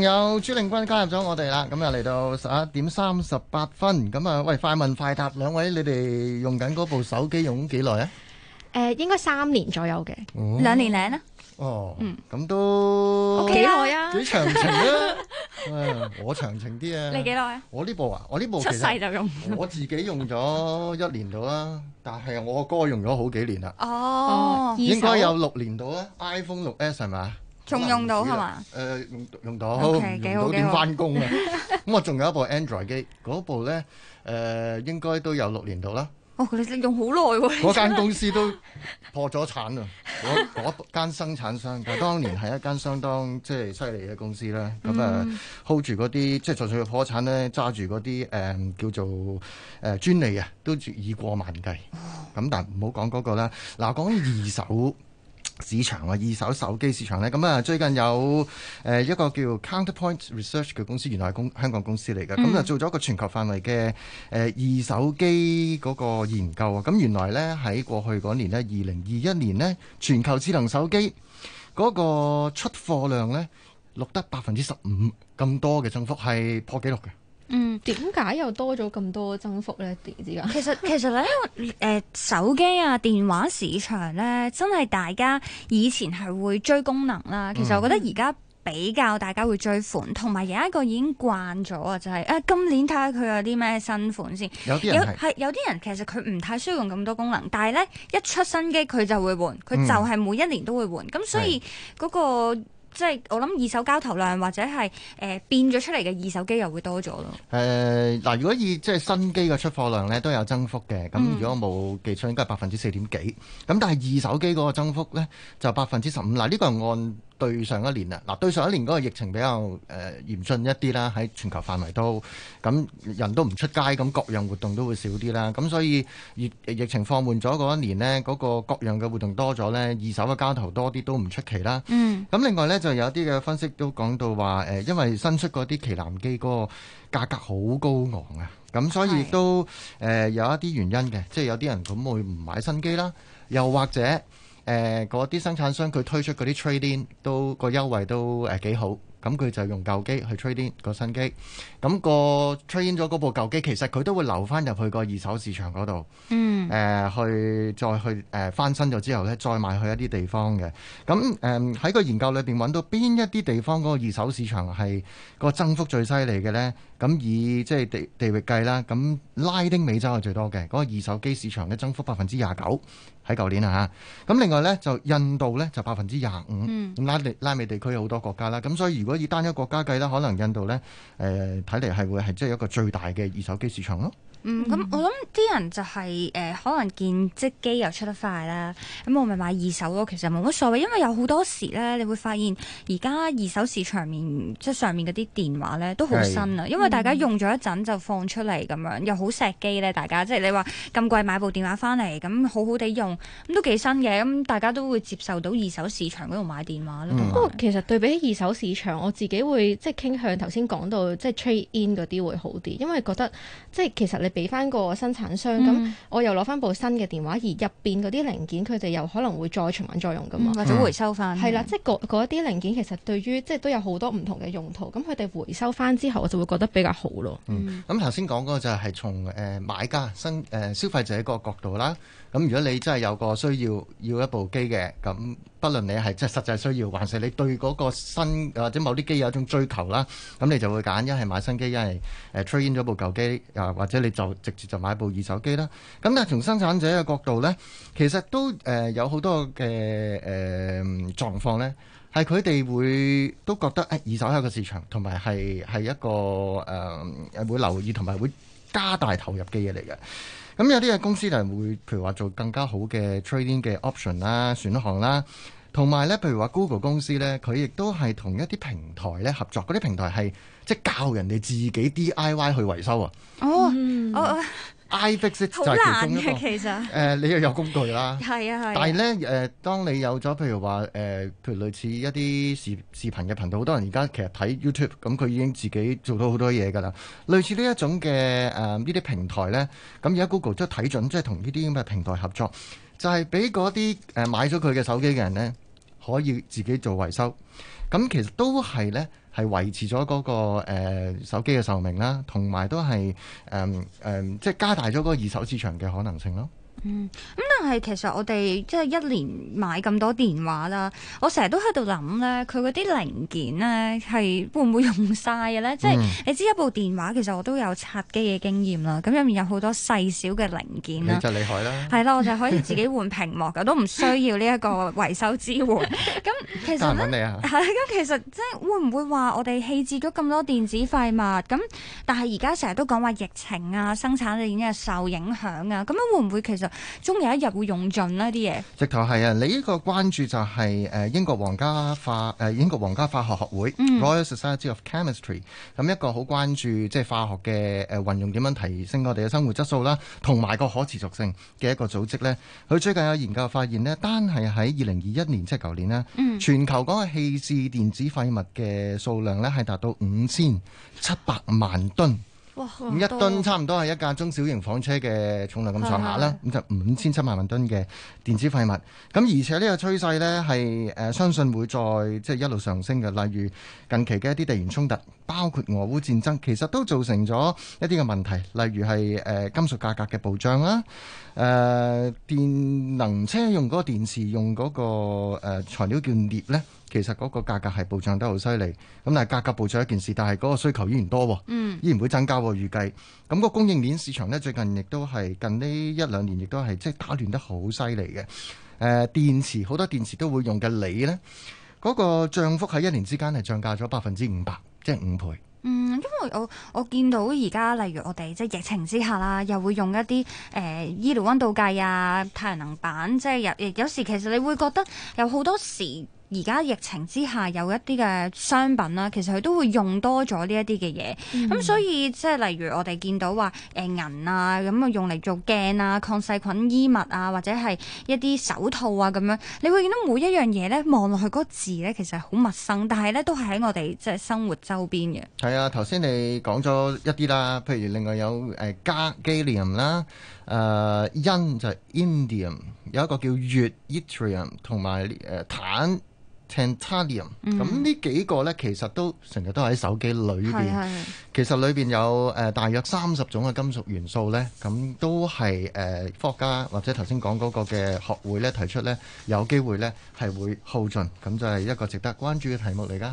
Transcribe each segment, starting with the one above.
仲有朱令筠加入咗我哋啦，咁啊嚟到十一點三十八分，咁啊喂，快問快答，兩位你哋用緊嗰部手機用幾耐咧？誒，應該三年左右嘅，兩年零啦。哦，嗯，咁都幾耐啊？幾長情啊，我長情啲啊。你幾耐咧？我呢部啊，我呢部出世就用，我自己用咗一年到啦，但係我哥用咗好幾年啦。哦，應該有六年到啦，iPhone 六 S 係咪？仲用到係嘛？誒用用到，唔到點翻工啊？咁我仲有一部 Android 機，嗰部咧誒應該都有六年度啦。我覺得你用好耐喎。嗰間公司都破咗產啊！嗰間生產商，但當年係一間相當即係犀利嘅公司啦。咁啊，hold 住嗰啲，即係就算佢破產咧，揸住嗰啲誒叫做誒專利啊，都已過萬計。咁但係唔好講嗰個啦。嗱，講二手。市場啊，二手手機市場呢。咁啊最近有誒一個叫 Counterpoint Research 嘅公司，原來係公香港公司嚟嘅，咁啊、嗯、做咗一個全球範圍嘅誒二手機嗰個研究啊，咁原來呢，喺過去嗰年呢，二零二一年呢，全球智能手機嗰個出貨量呢，錄得百分之十五咁多嘅增幅，係破紀錄嘅。嗯，點解又多咗咁多增幅咧？啲啲啊，其實其實咧，因為手機啊電話市場咧，真係大家以前係會追功能啦。其實我覺得而家比較大家會追款，同埋、嗯、有一個已經慣咗啊，就係、是、誒、呃、今年睇下佢有啲咩新款先。有啲人係，有啲人其實佢唔太需要用咁多功能，但係咧一出新機佢就會換，佢就係每一年都會換。咁、嗯、所以嗰、那個。即係我諗二手交投量或者係誒、呃、變咗出嚟嘅二手機又會多咗咯。誒嗱、呃，如果以即係新機嘅出貨量咧都有增幅嘅，咁如果冇記錯應該係百分之四點幾。咁但係二手機嗰個增幅咧就百分之十五。嗱、呃、呢、個係按。對上一年啊，嗱對上一年嗰個疫情比較誒嚴峻一啲啦，喺全球範圍都咁人都唔出街，咁各樣活動都會少啲啦，咁所以疫情放緩咗嗰一年呢，嗰個各樣嘅活動多咗呢，二手嘅交投多啲都唔出奇啦。嗯，咁另外呢，就有啲嘅分析都講到話誒，因為新出嗰啲旗艦機嗰個價格好高昂啊，咁所以都誒有一啲原因嘅，是即係有啲人咁會唔買新機啦，又或者。誒嗰啲生產商佢推出嗰啲 trade in 都個優惠都誒、呃、幾好，咁佢就用舊機去 trade in 個新機，咁個 trade in 咗嗰部舊機其實佢都會留翻入去個二手市場嗰度，誒去、嗯呃、再去誒、呃、翻新咗之後咧再賣去一啲地方嘅，咁誒喺個研究裏邊揾到邊一啲地方嗰個二手市場係個增幅最犀利嘅咧？咁以即係地地域計啦，咁拉丁美洲係最多嘅，嗰個二手機市場呢增幅百分之廿九喺舊年啊。咁另外呢，就印度呢，就百分之廿五，咁拉力拉美地區好多國家啦。咁所以如果以單一國家計呢，可能印度呢，誒睇嚟係會係即係一個最大嘅二手機市場咯。嗯，咁、嗯、我諗啲人就係、是、誒、呃、可能見即機又出得快啦，咁我咪買二手咯。其實冇乜所謂，因為有好多時咧，你會發現而家二手市場面即上面嗰啲電話咧都好新啊，是因為大家用咗一陣就放出嚟咁樣又好錫機咧。大家即係你話咁貴買部電話翻嚟，咁好好地用，咁都幾新嘅。咁、嗯、大家都會接受到二手市場嗰度買電話咯。不過、嗯、其實對比起二手市場我自己會即係傾向頭先講到即係 trade in 嗰啲會好啲，因為覺得即係其實你。俾翻個生產商，咁、嗯、我又攞翻部新嘅電話，而入邊嗰啲零件佢哋又可能會再循環再用噶嘛，嗯、或者回收翻？係啦的，嗯、即係嗰啲零件其實對於即係都有好多唔同嘅用途。咁佢哋回收翻之後，我就會覺得比較好咯。嗯，咁頭先講嗰個就係從誒買家、新誒、呃、消費者嗰個角度啦。咁如果你真係有個需要需要一部機嘅，咁不論你係即係實際需要，還是你對嗰個新或者某啲機有一種追求啦，咁你就會揀一係買新機，新機一係誒充電咗部舊機啊，或者你。就直接就買部二手機啦。咁但係從生產者嘅角度呢，其實都誒有好多嘅誒、呃、狀況呢，係佢哋會都覺得誒、哎、二手喺個市場同埋係係一個誒、呃、會留意同埋會加大投入嘅嘢嚟嘅。咁有啲嘅公司就會，譬如話做更加好嘅 trading 嘅 option 啦、選項啦，同埋呢，譬如話 Google 公司呢，佢亦都係同一啲平台呢合作，嗰啲平台係。即係教人哋自己 DIY 去維修啊！哦，iFixit 就係其中一個。誒、呃，你又有工具啦。係 啊。啊但係咧，誒、呃，當你有咗譬如話，誒、呃，譬如類似一啲視視頻嘅頻道，好多人而家其實睇 YouTube，咁、嗯、佢已經自己做到好多嘢㗎啦。類似呢一種嘅誒呢啲平台咧，咁而家 Google 都睇準，即係同呢啲咁嘅平台合作，就係俾嗰啲誒買咗佢嘅手機嘅人咧，可以自己做維修。咁、嗯、其實都係咧。係維持咗嗰個誒手機嘅壽命啦，同埋都係誒誒，即係加大咗嗰二手市場嘅可能性咯。嗯，咁但係其實我哋即係一年買咁多電話啦，我成日都喺度諗咧，佢嗰啲零件咧係會唔會用晒嘅咧？嗯、即係你知一部電話其實我都有拆機嘅經驗啦，咁入面有好多細小嘅零件啦，就厲害啦，係啦，我就可以自己換屏幕嘅， 都唔需要呢一個維修支援。咁、 嗯、其實咧，係啦、啊，咁、 嗯、其實即係會唔會話我哋棄置咗咁多電子廢物？咁但係而家成日都講話疫情啊，生產力已經係受影響啊，咁樣會唔會其實？終有一日會用盡啦啲嘢。直頭係啊， 你呢個關注就係誒英國皇家化誒英國皇家化學學會，Royal Society of Chemistry 咁一個好關注即係化學嘅誒運用點樣提升我哋嘅生活質素啦，同埋個可持續性嘅一個組織咧。佢最近有研究發現咧，單係喺二零二一年即係舊年咧，全球嗰個棄置電子廢物嘅數量咧係達到五千七百萬噸。咁一噸差唔多係一架中小型房車嘅重量咁上下啦，咁就五千七萬萬噸嘅電子廢物。咁而且個趨勢呢個趨勢呢係誒，相信會再即係一路上升嘅。例如近期嘅一啲地緣衝突。包括俄烏戰爭，其實都造成咗一啲嘅問題，例如係誒、呃、金屬價格嘅暴漲啦。誒、呃、電能車用嗰個電池用嗰、那個、呃、材料叫鋰咧，其實嗰個價格係暴漲得好犀利。咁但係價格暴漲一件事，但係嗰個需求依然多，嗯、依然會增加預計。咁個供應鏈市場呢，最近亦都係近呢一兩年，亦都係即係打亂得好犀利嘅。誒、呃、電池好多電池都會用嘅鋰咧，嗰、那個漲幅喺一年之間係漲價咗百分之五百。即係五倍。嗯，因為我我見到而家，例如我哋，即係疫情之下啦，又會用一啲誒、呃、醫療溫度計啊、太陽能板，即係有有時其實你會覺得有好多時。而家疫情之下有一啲嘅商品啦，其實佢都會用多咗呢一啲嘅嘢，咁、嗯嗯、所以即係例如我哋見到話誒、呃、銀啊，咁啊用嚟做鏡啊、抗細菌衣物啊，或者係一啲手套啊咁樣，你會見到每一樣嘢咧望落去嗰字咧，其實好陌生，但係咧都係喺我哋即係生活周邊嘅。係啊、嗯，頭先你講咗一啲啦，譬如另外有誒鈦 t i 啦，誒鈰就係 （Indium），有一個叫鉝 i t r 同埋誒鈦。呃坦鉛、鈽、嗯、鎶，咁呢幾個呢，其實都成日都喺手機裏邊。其實裏邊有誒、呃、大約三十種嘅金屬元素呢，咁都係誒、呃、科學家或者頭先講嗰個嘅學會呢提出呢，有機會呢係會耗盡，咁就係一個值得關注嘅題目嚟㗎。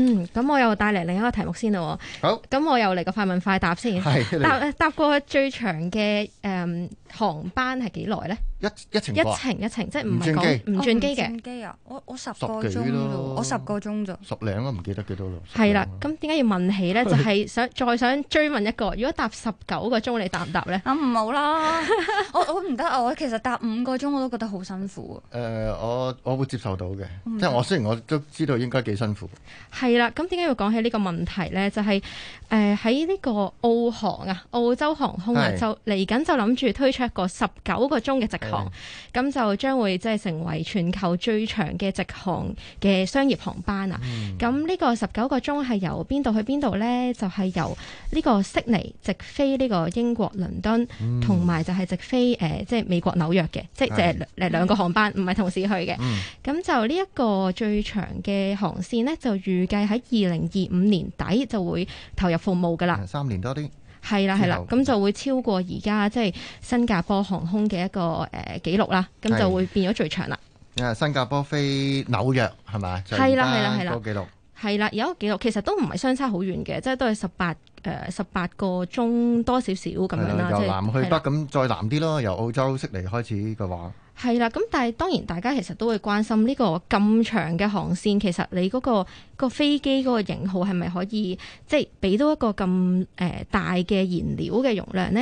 嗯，咁我又帶嚟另一個題目先咯、哦。好，咁我又嚟個快問快答先。係。答、搭過最長嘅誒航班係幾耐呢？一一程一程一程，即係唔係講唔轉機嘅？唔轉機啊！我我十個鐘嗰度，我十個鐘咋？十零咯，唔記得幾多咯。係啦，咁點解要問起咧？ 就係想再想追問一個，如果搭十九個鐘，你搭唔搭咧？咁唔好啦， 我我唔得，我，我其實搭五個鐘我都覺得好辛苦。誒、呃，我我會接受到嘅，行即係我雖然我都知道應該幾辛苦。係啦，咁點解要講起呢個問題咧？就係誒喺呢個澳航啊，澳洲航空啊，是就嚟緊就諗住推出一個十九個鐘嘅直。航咁、嗯、就將會即係成為全球最長嘅直航嘅商業航班啦。咁呢、嗯、個十九個鐘係由邊度去邊度呢？就係、是、由呢個悉尼直飛呢個英國倫敦，同埋、嗯、就係直飛誒、呃、即係美國紐約嘅，嗯、即係誒誒兩個航班，唔係同時去嘅。咁、嗯、就呢一個最長嘅航線呢，就預計喺二零二五年底就會投入服務㗎喇，三年多啲。係啦係啦，咁就會超過而家即係新加坡航空嘅一個誒紀錄啦，咁、呃、就會變咗最長啦。啊，新加坡飛紐約係咪？係啦係啦係啦，個紀錄係啦，有一個紀錄其實都唔係相差好遠嘅，即係都係十八誒十八個鐘多少少咁樣啦。南去北咁的再南啲咯，由澳洲悉尼開始嘅話。係啦，咁但係當然大家其實都會關心呢個咁長嘅航線，其實你嗰、嗰個、嗰個飛機嗰個型號係咪可以即係俾到一個咁誒大嘅燃料嘅容量呢？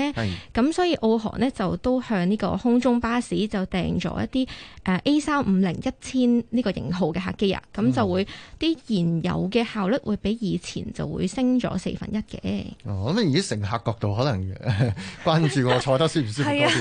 咁是所以澳航呢，就都向呢個空中巴士就訂咗一啲誒 A350 一千呢個型號嘅客機啊，咁就會啲燃油嘅效率會比以前就會升咗四分一嘅。哦，咁啊以乘客角度可能關，我關注我 坐得舒唔舒服啲。係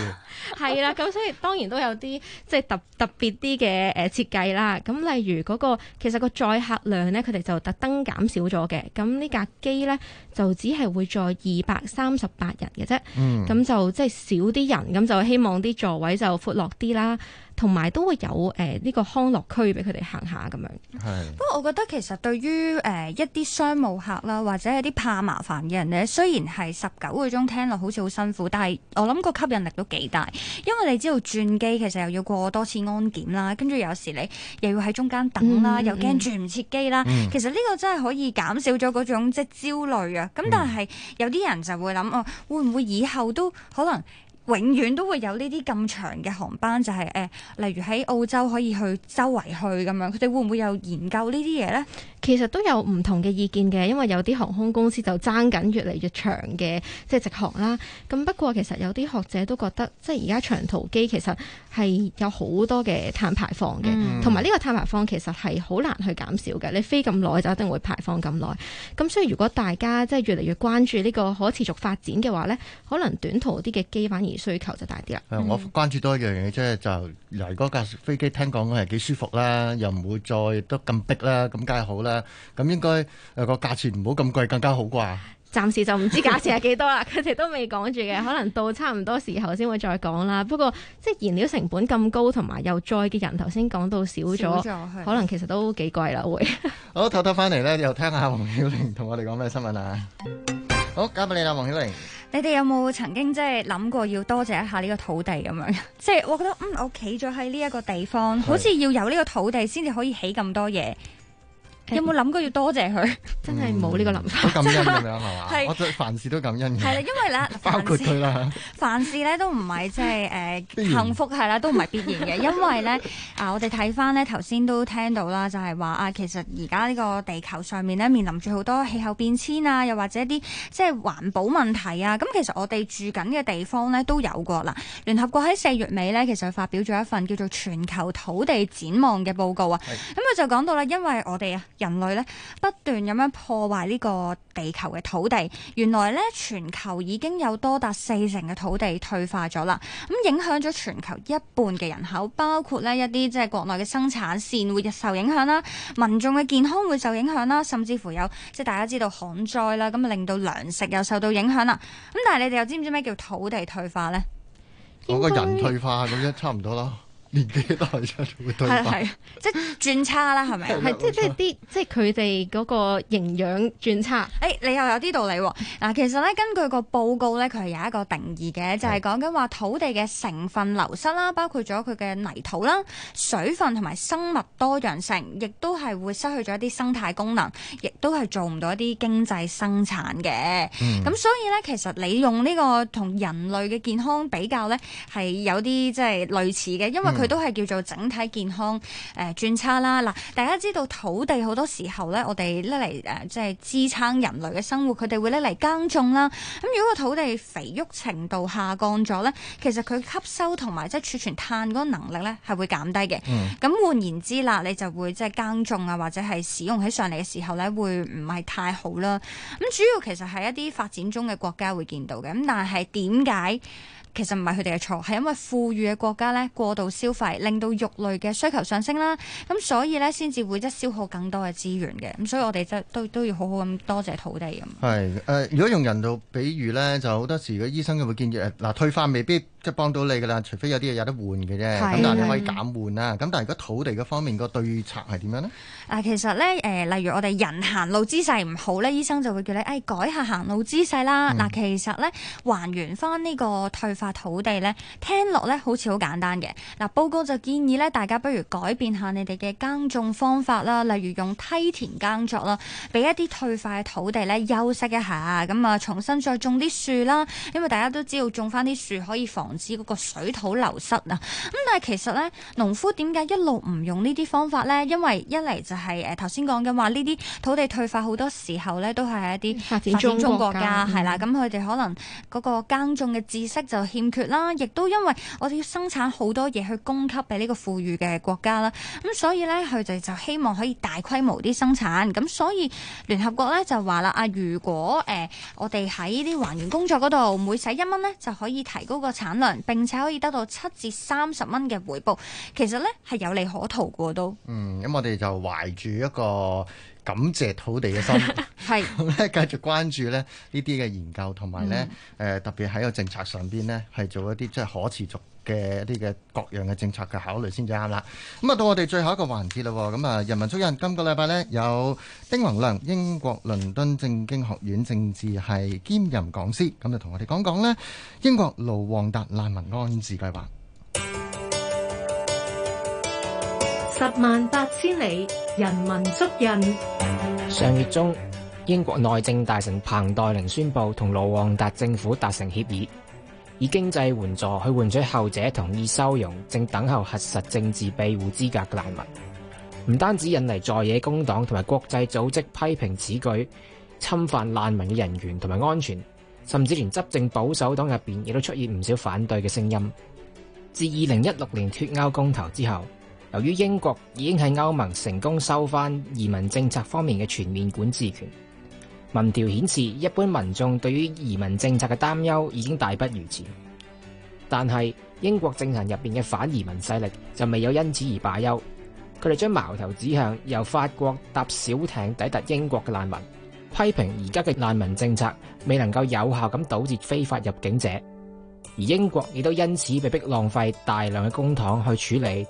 係啦，咁、啊嗯、所以當然都有。啲即係特特別啲嘅誒設計啦，咁例如嗰、嗰個其實個載客量咧，佢哋就特登減少咗嘅。咁呢架機咧就只係會載二百三十八人嘅啫，咁、嗯、就即係少啲人，咁就希望啲座位就闊落啲啦。同埋都會有誒呢個康樂區俾佢哋行下咁樣。係。不過我覺得其實對於誒一啲商務客啦，或者係啲怕麻煩嘅人咧，雖然係十九個鐘聽落好似好辛苦，但係我諗個吸引力都幾大，因為你知道轉機其實又要過多次安檢啦，跟住有時你又要喺中間等啦，又驚轉唔切機啦。嗯嗯。其實呢個真係可以減少咗嗰種即係焦慮啊。咁但係有啲人就會諗哦、啊，會唔會以後都可能？永遠都會有呢啲咁長嘅航班，就係、是、誒、呃，例如喺澳洲可以去周圍去咁樣，佢哋會唔會有研究呢啲嘢呢？其實都有唔同嘅意見嘅，因為有啲航空公司就爭緊越嚟越長嘅即係直航啦。咁不過其實有啲學者都覺得，即係而家長途機其實係有好多嘅碳排放嘅，同埋呢個碳排放其實係好難去減少嘅。你飛咁耐就一定會排放咁耐。咁所以如果大家即係越嚟越關注呢個可持續發展嘅話呢，可能短途啲嘅機反而需求就大啲啦。嗯嗯，我關注多一樣嘢，即係就嚟，嗱，嗰架飛機聽講係幾舒服啦，又唔會再都咁逼啦，咁梗係好啦。咁應該個價錢唔好咁貴，更加好啩。暫時就唔知價錢係幾多啦，佢哋 都未講住嘅，可能到差唔多時候先會再講啦。不過即係燃料成本咁高，同埋又載嘅人，頭先講到少咗，少可能其實都幾貴啦。會好唞唞翻嚟咧，偷偷又聽下黃曉玲同我哋講咩新聞啊？好交俾你啦，黃曉玲。你哋有冇曾經即係諗過要多謝一下呢個土地咁樣？即 係我覺得嗯，我企咗喺呢一個地方，的好似要有呢個土地先至可以起咁多嘢。有冇諗過要多謝佢？真係冇呢個諗法，感恩咁樣係嘛？我凡事都感恩。係啦，因為啦，包括佢啦，凡事咧都唔係即係誒幸福係啦，都唔係必然嘅。因為咧啊，我哋睇翻咧頭先都聽到啦，就係話啊，其實而家呢個地球上面咧面臨住好多氣候變遷啊，又或者一啲即係環保問題啊。咁其實我哋住緊嘅地方咧都有過啦。聯合國喺四月尾咧，其實發表咗一份叫做《全球土地展望》嘅報告啊。咁佢就講到啦，因為我哋啊。人類咧不斷咁樣破壞呢個地球嘅土地，原來咧全球已經有多達四成嘅土地退化咗啦，咁影響咗全球一半嘅人口，包括咧一啲即係國內嘅生產線會受影響啦，民眾嘅健康會受影響啦，甚至乎有即係大家知道旱災啦，咁啊令到糧食又受到影響啦。咁但係你哋又知唔知咩叫土地退化呢？我個人退化咁樣差唔多啦。 年幾耐先會堆即係轉差啦，係咪？係即係啲即係佢哋嗰個營養轉差。誒、哎，你又有啲道理喎。嗱，其實咧根據個報告咧，佢係有一個定義嘅，就係講緊話土地嘅成分流失啦，包括咗佢嘅泥土啦、水分同埋生物多樣性，亦都係會失去咗一啲生態功能，亦都係做唔到一啲經濟生產嘅。咁、嗯、所以咧，其實你用呢個同人類嘅健康比較咧，係有啲即係類似嘅，因為佢、嗯。佢都係叫做整體健康誒、呃、轉差啦！嗱，大家知道土地好多時候咧，我哋拎嚟誒，即係支撐人類嘅生活，佢哋會拎嚟耕種啦。咁如果個土地肥沃程度下降咗咧，其實佢吸收同埋即係儲存碳嗰個能力咧，係會減低嘅。咁、嗯、換言之啦，你就會即係耕種啊，或者係使用喺上嚟嘅時候咧，會唔係太好啦。咁主要其實係一啲發展中嘅國家會見到嘅。咁但係點解？其實唔係佢哋嘅錯，係因為富裕嘅國家咧，過度消費，令到肉類嘅需求上升啦，咁所以咧先至會即係消耗更多嘅資源嘅。咁所以我哋即係都都要好好咁多謝土地咁。係誒、呃，如果用人道比喻咧就好多時嘅醫生就會建議嗱、呃、退化未必即係幫到你噶啦，除非有啲嘢有得換嘅啫。咁的但係你可以減換啦。咁但係如果土地嗰方面個對策係點樣咧？嗱、呃，其實咧誒、呃，例如我哋人行路姿勢唔好咧，醫生就會叫你誒、哎、改下行路姿勢啦。嗱、嗯呃，其實咧還原翻呢個退土地咧，聽落咧好似好簡單嘅。嗱，報告就建議咧，大家不如改變下你哋嘅耕種方法啦，例如用梯田耕作啦，俾一啲退化嘅土地咧休息一下，咁啊重新再種啲樹啦。因為大家都知道種翻啲樹可以防止嗰個水土流失啊。咁但係其實咧，農夫點解一路唔用呢啲方法咧？因為一嚟就係誒頭先講嘅話，呢啲土地退化好多時候咧都係一啲發展中國家係啦，咁佢哋可能嗰個耕種嘅知識就。欠缺啦，亦都因為我哋要生產好多嘢去供給俾呢個富裕嘅國家啦，咁所以咧佢哋就希望可以大規模啲生產，咁所以聯合國咧就話啦，啊如果誒、呃、我哋喺呢啲還原工作嗰度每使一蚊咧，就可以提高個產量，並且可以得到七至三十蚊嘅回報，其實咧係有利可圖噶都。嗯，咁我哋就懷住一個。感謝土地嘅心，活，咧，繼續關注咧呢啲嘅研究，同埋咧誒特別喺個政策上邊咧，係做一啲即係可持續嘅一啲嘅各樣嘅政策嘅考慮先至啱啦。咁、嗯、啊，到我哋最後一個環節啦。咁、嗯、啊，人文足印今個禮拜咧有丁宏量，英國倫敦政經學院政治系兼任講師，咁就同我哋講講呢英國盧旺達難民安置計劃。十萬八千里，人文足印。上月中，英國內政大臣彭黛玲宣布同盧旺達政府達成協議，以經濟援助去換取後者同意收容正等候核實政治庇護資格嘅難民。唔單止引嚟在野工黨同埋國際組織批評此舉侵犯難民嘅人權同埋安全，甚至連執政保守黨入邊亦都出現唔少反對嘅聲音。自二零一六年脫歐公投之後，由於英國已經喺歐盟成功收翻移民政策方面嘅全面管治權，民調顯示一般民眾對於移民政策嘅擔憂已經大不如前。但係英國政壇入面嘅反移民勢力就未有因此而罷休，佢哋將矛頭指向由法國搭小艇抵達英國嘅難民，批評而家嘅難民政策未能夠有效咁堵截非法入境者，而英國亦都因此被迫浪費大量嘅公帑去處理。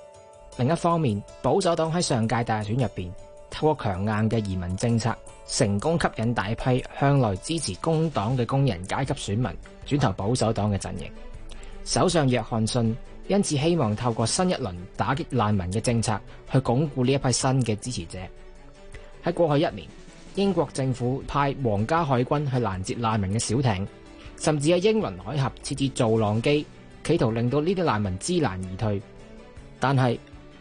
另一方面，保守黨喺上屆大選入邊，透過強硬嘅移民政策，成功吸引大批向來支持工黨嘅工人階級選民，轉投保守黨嘅陣營。首相約翰遜因此希望透過新一輪打擊難民嘅政策，去鞏固呢一批新嘅支持者。喺過去一年，英國政府派皇家海軍去攔截難民嘅小艇，甚至喺英倫海峽設置造浪機，企圖令到呢啲難民知難而退。但係，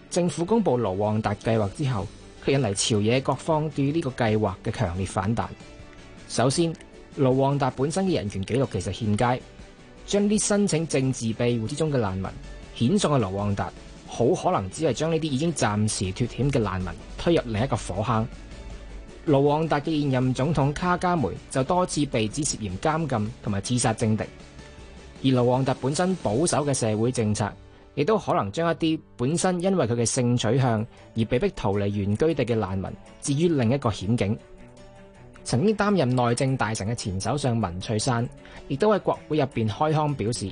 政府公布盧旺達計劃之後，佢引嚟朝野各方對於呢個計劃嘅強烈反彈。首先，盧旺達本身嘅人權紀錄其實欠佳，將啲申請政治庇護之中嘅難民遣送去盧旺達，好可能只係將呢啲已經暫時脫險嘅難民推入另一個火坑。盧旺達嘅現任總統卡加梅就多次被指涉嫌監禁同埋刺殺政敵，而盧旺達本身保守嘅社會政策。亦都可能將一啲本身因為佢嘅性取向而被迫逃離原居地嘅難民置於另一個險境。曾經擔任內政大臣嘅前首相文翠珊亦都喺國會入邊開腔表示，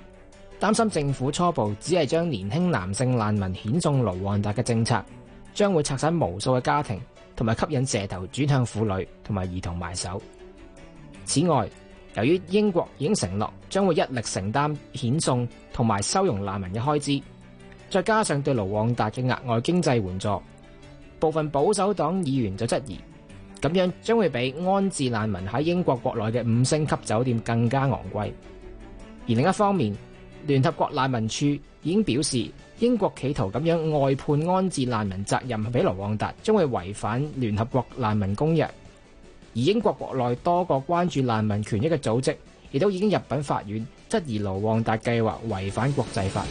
擔心政府初步只係將年輕男性難民遣送盧旺達嘅政策，將會拆散無數嘅家庭，同埋吸引蛇頭轉向婦女同埋兒童埋手。此外，由於英國已經承諾將會一力承擔遣送同埋收容難民嘅開支。再加上對盧旺達嘅額外經濟援助，部分保守黨議員就質疑，咁樣將會比安置難民喺英國國內嘅五星級酒店更加昂貴。而另一方面，聯合國難民署已經表示，英國企圖咁樣外判安置難民責任俾盧旺達，將會違反聯合國難民公約。而英國國內多個關注難民權益嘅組織，亦都已經入稟法院，質疑盧旺達計劃違反國際法。